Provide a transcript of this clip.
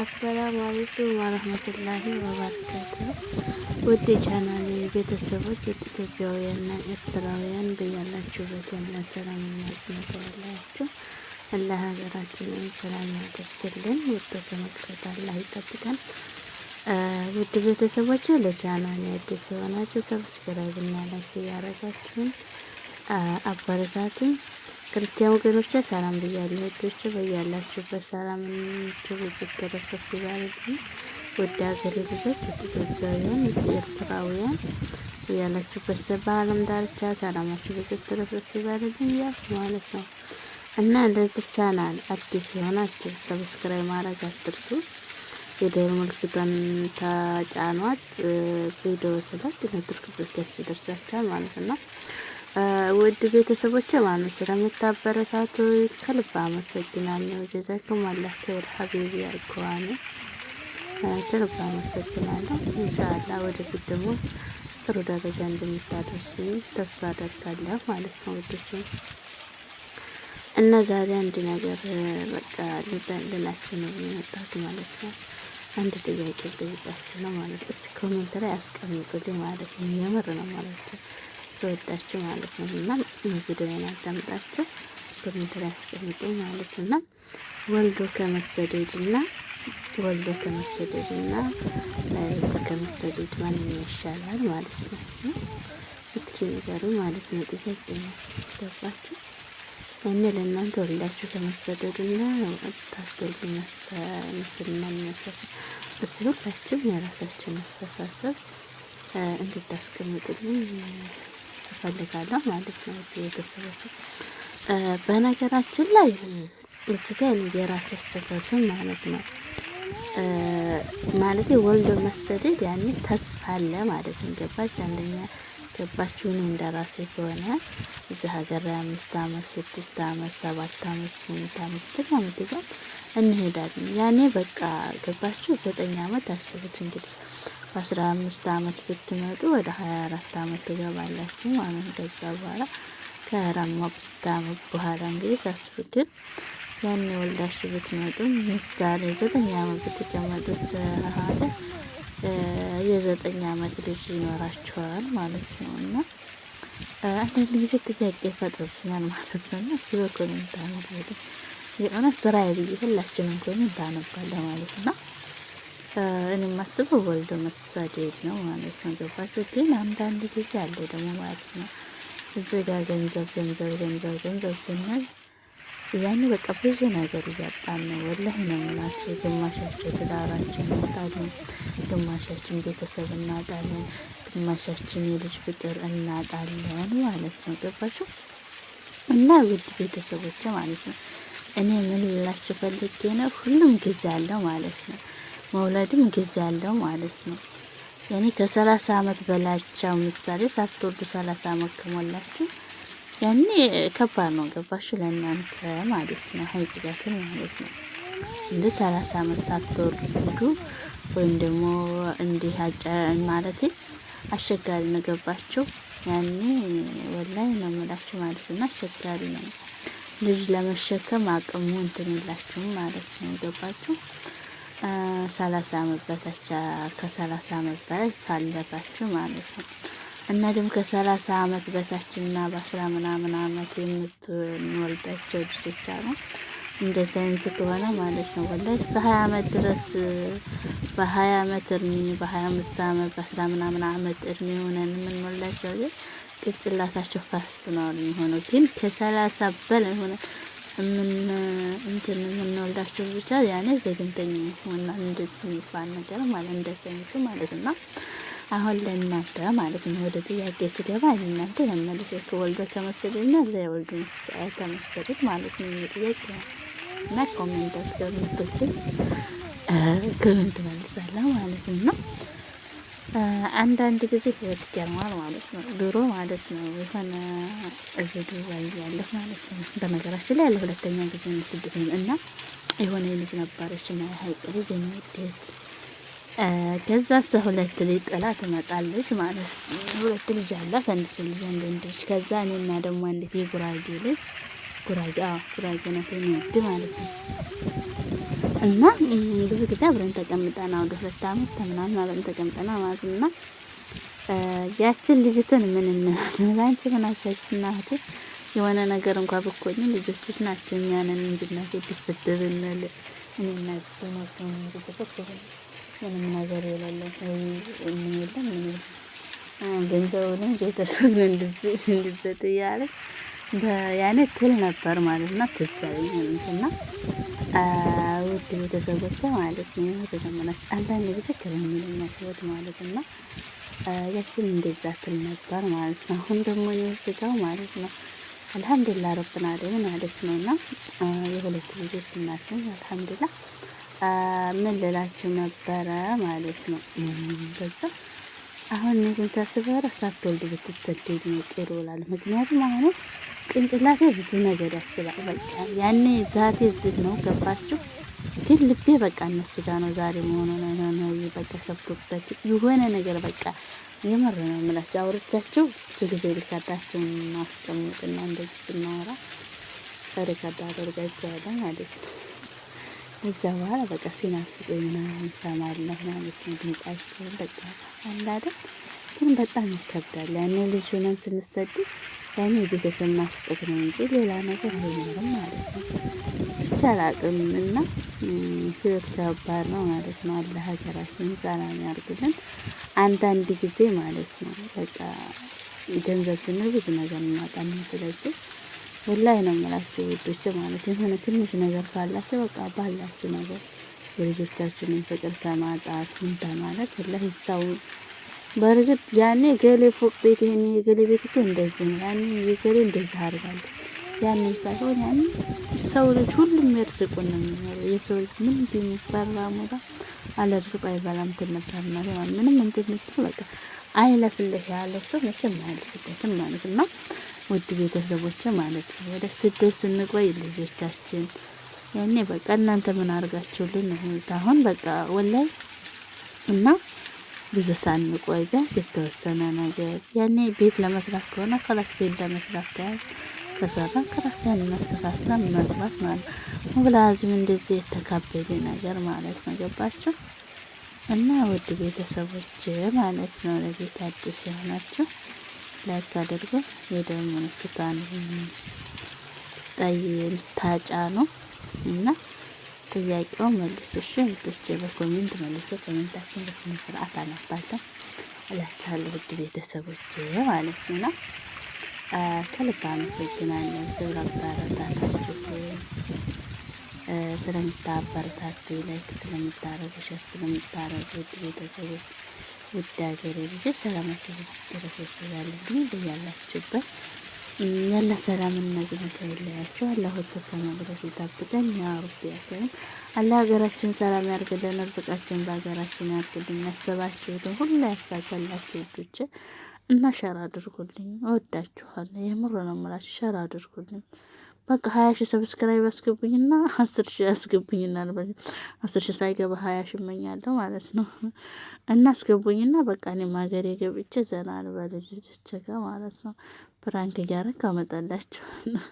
አሰላሙ አለይኩም ወረህመቱላሂ ወበረካቱ። ውድ የቻናል ቤተሰቦች ኢትዮጵያውያንና ኤርትራውያን በያላችሁበት የምነት ሰላም የሚያስነተዋላችሁ አላህ ሀገራችንን ሰላም ያደርግልን። ወደ ከመቅረት አላህ ይጠብቀን። ውድ ቤተሰቦች ለቻናል አዲስ የሆናችሁ ሰብስክራይብ እና ላይክ እያደረጋችሁን አበረታቱኝ። ክርስቲያን ወገኖች ሰላም ብያለሁ። እህቶች በያላችሁበት ሰላም እንችሁ ይገደፈስ ይባላል። ወደ ሀገሬ ልጆች ኢትዮጵያውያን፣ ኤርትራውያን ያላችሁበት በዓለም ዳርቻ ሰላማችሁ ብዙት ትረፍረፍ ይባላል እያልኩ ማለት ነው እና እንደዚህ ቻናል አዲስ የሆናችሁ ሰብስክራይብ ማድረግ አትርሱ። የደወል ምልክቷን ተጫኗት። ቪዲዮ ስለት ለትርክ ደርስ ይደርሳችኋል ማለት ነው። ውድ ቤተሰቦች ማለት ስለምታበረታቱ ከልብ አመሰግናለሁ። ጀዛኩም አላህ ኸይር ሀቢቢ ያልኩዋነ ከልብ አመሰግናለሁ። ኢንሻአላ ወደፊት ደግሞ ጥሩ ደረጃ እንደምታደርሱ ተስፋ አደርጋለሁ ማለት ነው። ውዶች እና ዛሬ አንድ ነገር በቃ ልላችሁ ነው የመጣሁት ማለት ነው። አንድ ጥያቄ ልጠይቃችሁ ነው ማለት እስኪ ኮሜንት ላይ አስቀምጡልኝ ማለት ነው። የምር ነው ማለት ነው ስወዳችሁ ማለት ነው። እና ቪዲዮን ያዳምጣችሁ ኮሜንት አስቀምጡኝ ማለት እና ወልዶ ከመሰደድና ወልዶ ከመሰደድና ከመሰደድ ማን ይሻላል ማለት ነው? እስኪ ንገሩ ማለት ነው። ጥያቄ ነው ገባችሁ? እኔ ለእናንተ ወልዳችሁ ከመሰደድና ታስገዱ መስልና መሰፍ እስ ሁላችሁም የራሳችሁን አስተሳሰብ እንድታስቀምጡልኝ እፈልጋለሁ ማለት ነው። ቤተሰቦች በነገራችን ላይ እዚህ የራስ አስተሳሰብ ማለት ነው ማለት ወልዶ መሰደድ ያኔ ተስፋ አለ ማለት ነው። ገባች አንደኛ ገባችሁን እንደራሴ ከሆነ እዚህ ሀገር ላይ አምስት አመት ስድስት አመት ሰባት አመት ስምንት አመት ስድስት አመት ይዟል እንሄዳለን። ያኔ በቃ ገባችሁ ዘጠኝ አመት አስቡት እንግዲህ በአስራ አምስት አመት ብትመጡ ወደ ሀያ አራት አመት ትገባላችሁ ማለት ነው። ከዛ በኋላ ከሀያ አራት አመት በኋላ እንግዲህ ሳስብድል ያን ወልዳችሁ ብትመጡ ምሳሌ ዘጠኝ አመት ብትቀመጡት ሀለ የዘጠኝ አመት ልጅ ይኖራችኋል ማለት ነው። እና አንዳንድ ጊዜ ጥያቄ ይፈጥርብናል ማለት ነው። እና በኮሜንት አነብ የሆነ ስራ ብዬ ሁላችንም ኮሜንት አነባለ ማለት ነው። እኔ የማስበው ወልዶ መሳደድ ነው ማለት ነው። ገባችሁ? ግን አንዳንድ ጊዜ አለ ደግሞ ማለት ነው እዚህ ጋር ገንዘብ ገንዘብ ገንዘብ ገንዘብ ስናል ያኔ በቃ ብዙ ነገር እያጣን ነው። ወላሂ ነው የምላችሁ። ግማሻቸው ትዳራችን እናጣለን፣ ግማሻችን ቤተሰብ እናጣለን፣ ግማሻችን የልጅ ፍቅር እናጣለን ማለት ነው። ገባችሁ? እና ውድ ቤተሰቦች ማለት ነው እኔ ምን ልላችሁ ፈልጌ ነው፣ ሁሉም ጊዜ አለው ማለት ነው መውለድም ጊዜ አለው ማለት ነው። ያኔ ከሰላሳ አመት በላቸው ምሳሌ ሳትወልዱ ሰላሳ አመት ከሞላችሁ ያኔ ከባድ ነው። ገባሽ? ለእናንተ ማለት ነው። ሀይቅዳትን ማለት ነው። እንደ ሰላሳ አመት ሳትወልዱ ወይም ደግሞ እንዲህ ማለት አስቸጋሪ ነው። ገባችሁ ያኔ ወላይ ነው የምላችሁ ማለት ነው። አስቸጋሪ ነው ልጅ ለመሸከም አቅሙ እንትንላችሁም ማለት ነው። ገባችሁ ሰላሳ ዓመት በታች ከሰላሳ ዓመት በላይ ካለፋችሁ ማለት ነው እና ደግሞ ከሰላሳ ዓመት በታች እና በአስራ ምናምን ዓመት የምትወልዳቸው ልጆች አሉ። እንደ ሳይንስ ከሆነ ማለት ነው ወላሂ እስከ ሀያ ዓመት ድረስ በሀያ ዓመት እድሜ በሀያ አምስት ዓመት በአስራ ምናምን ዓመት እድሜ ሆነን የምንወልዳቸው ግን ቅጭላታቸው ፋስት ነው የሚሆነው ግን ከሰላሳ በላይ ሆነ እንትን የምንወልዳቸው ብቻ ያኔ ዘግንተኛ ሆና እንደዚህ የሚባል ነገር ማለት እንደ ማለት እና አሁን ለእናንተ ማለት ነው ወደ ጥያቄ ስገባ እናንተ ለመለሰት ወልዶ ተመሰለና ዘወልዱ ተመሰሉት ማለት ነው ጥያቄ እና ኮሜንት አስገብቶችን ክብን ትመልሳለህ ማለት ነው። አንዳንድ ጊዜ ህይወት ይገርማል ማለት ነው። ድሮ ማለት ነው የሆነ እዚህ ዱባይ ያለሁ ማለት ነው። በነገራችን ላይ ያለ ሁለተኛ ጊዜ ነው እና የሆነ ልጅ ነበረች እና ሀይቅ ልጅ የሚወደት ከዛ ሰ ሁለት ልጅ ጥላ ትመጣለች ማለት ነው። ሁለት ልጅ አላት፣ አንድ ስ ልጅ አንድ ወንዶች። ከዛ እኔና ደግሞ አንዲት የጉራጌ ልጅ ጉራጌ ጉራጌ ነት የሚወድ ማለት ነው እና ብዙ ጊዜ አብረን ተቀምጠና ወደ ሁለት አመት ከምናምን አብረን ተቀምጠና ማለት ነው። እና ያችን ልጅትን ምን እንላለን? አንቺ ምን የሆነ ነገር እንኳን ብኮኝ ልጆችሽ ናቸው እኛንን እንድናት ይፈደብናል። እኔ እና ነው ምንም ነገር የለም ምን የለም ምን ገንዘቡንም ቤተሰብ እያለ ያኔ ትል ነበር ማለት ነው። ውድ ቤተሰቦች ማለት ነው። የተዘመናች አንዳንድ ጊዜ ክረም የሚለኛሰወት ማለት እና ያችን እንደዛ ትል ነበር ማለት ነው። አሁን ደግሞ የወስደው ማለት ነው። አልሐምዱላ ረብን አለ ማለት ነው። እና የሁለት ልጆች እናት ነኝ። አልሐምዱላ ምን ልላችሁ ነበረ ማለት ነው። በዛ አሁን እነዚህን ሳስበረ ሳትወልድ ብትሰደድ ነው ጥሩ እላለሁ። ምክንያቱም አሁን ቅንጭላቴ ብዙ ነገር ያስባል። በቃ ያኔ ዛቴ ዝግ ነው ገባችሁ። ግን ልቤ በቃ እነሱ ጋ ነው ዛሬ መሆኑ ነው በቃ ከብዶበት የሆነ ነገር በቃ የምር ነው የምላቸው። አውሮቻቸው ጊዜ ሪካርዳቸውን ማስቀምጥና እንደዚህ ስናወራ ሪካርድ አደርጋቸዋለሁ ማለት ነው። እዛ በኋላ በቃ ሲናፍቁኝ ምናምን እሰማለሁ ማለት ነው። ድምጻቸውን በቃ አላደም ግን በጣም ይከብዳል። ያኔ ልጅ ሆነን ስንሰድብ ያኔ ቤተሰብ ማስጠት ነው እንጂ ሌላ ነገር አይኖርም ማለት ነው። አላቅም እና ህይወት ከባድ ነው ማለት ነው። ሀገራችን ሀገራችንን ሰላም ያርግልን። አንዳንድ ጊዜ ማለት ነው በቃ ገንዘብ ስንል ብዙ ነገር እናጣለን። ስለዚህ ወላሂ ነው የምላችሁ ውዶች ማለት የሆነ ትንሽ ነገር ካላቸው በቃ ባላቸው ነገር የልጆቻችንን ፍቅር ከማጣት ምን ከማለት ወላሂ ይሳው በእርግጥ ያኔ ገሌ ፎቅ ቤት ይሄን የገሌ ቤት እኮ እንደዚህ ነው ያኔ የገሌ እንደዚህ አርጋለ ያኔ ሳይሆን ያኔ የሰው ልጅ ሁሉም እርዝቁ ነው የሚኖረው። የሰው ልጅ ምን እንደሚፈራ ሞታ አለርዝቁ አይበላም ትነበር ማለት ነው። ምንም እንደምትል በቃ አይለፍልህ ያለው ሰው መቼም አይለፍበትም ማለት ነው። ውድ ቤተሰቦች ማለት ነው ወደ ስደት ስንቆይ ልጆቻችን ያኔ በቃ እናንተ ምን አድርጋችሁልን አሁን በቃ ወላይ እና ብዙ ሳንቆይ ቢያንስ የተወሰነ ነገር ያኔ ቤት ለመስራት ከሆነ ከላስ ቤት ለመስራት ተያዝ ከተሰራ ከራስያን መስተካከል መግባት ማለት ነው። ብላዝም እንደዚህ የተካበደ ነገር ማለት ነው። ገባችሁ እና ውድ ቤተሰቦች ማለት ነው። ለቤት አዲስ የሆናችሁ ላይክ አድርጎ የደም ምልክቷን ታጫ ነው እና ጥያቄውን መልሱ። እሺ ልጆቼ በኮሜንት መልሶ ኮሜንታችን በስነ ስርዓት አላባቸው እላችኋለሁ ውድ ቤተሰቦች ማለት ነው። ከልብ አመሰግናለሁ ስለ አበረታታችሁ ስለምታበረታቱ ላይክ ስለምታረጉ ሸር ስለምታረጉ ውድ ቤተሰቦች ውድ ሀገሬ ልጆች ሰላማችሁ ስትረሶች ይዛልልኝ ብያላችሁበት ያለ ሰላም እና ይለያቸው አይለያችሁ። አላህ ወጥቶ ከመቅደስ ይጠብቀን። ያ ረቢ ያሰም አላህ ሀገራችን ሰላም ያርግልን፣ እርዝቃችን በሀገራችን ያርግልን። ያሰባችሁትን ሁሉ ያሳካላችሁ ውዶች። እና ሸራ አድርጉልኝ። እወዳችኋለሁ። የምር ነው የምላችሁ። ሸራ አድርጉልኝ። በቃ ሀያ ሺ ሰብስክራይብ አስገብኝና አስር ሺህ አስገቡኝና አስር ሺ ሳይገባ ሀያ ሺህ እመኛለሁ ማለት ነው። እና አስገቡኝና በቃ እኔም ሀገሬ ገብቼ ዘና ልበል ልጆቼ ጋር ማለት ነው። ፕራንክ እያረግ አመጣላችኋለሁ።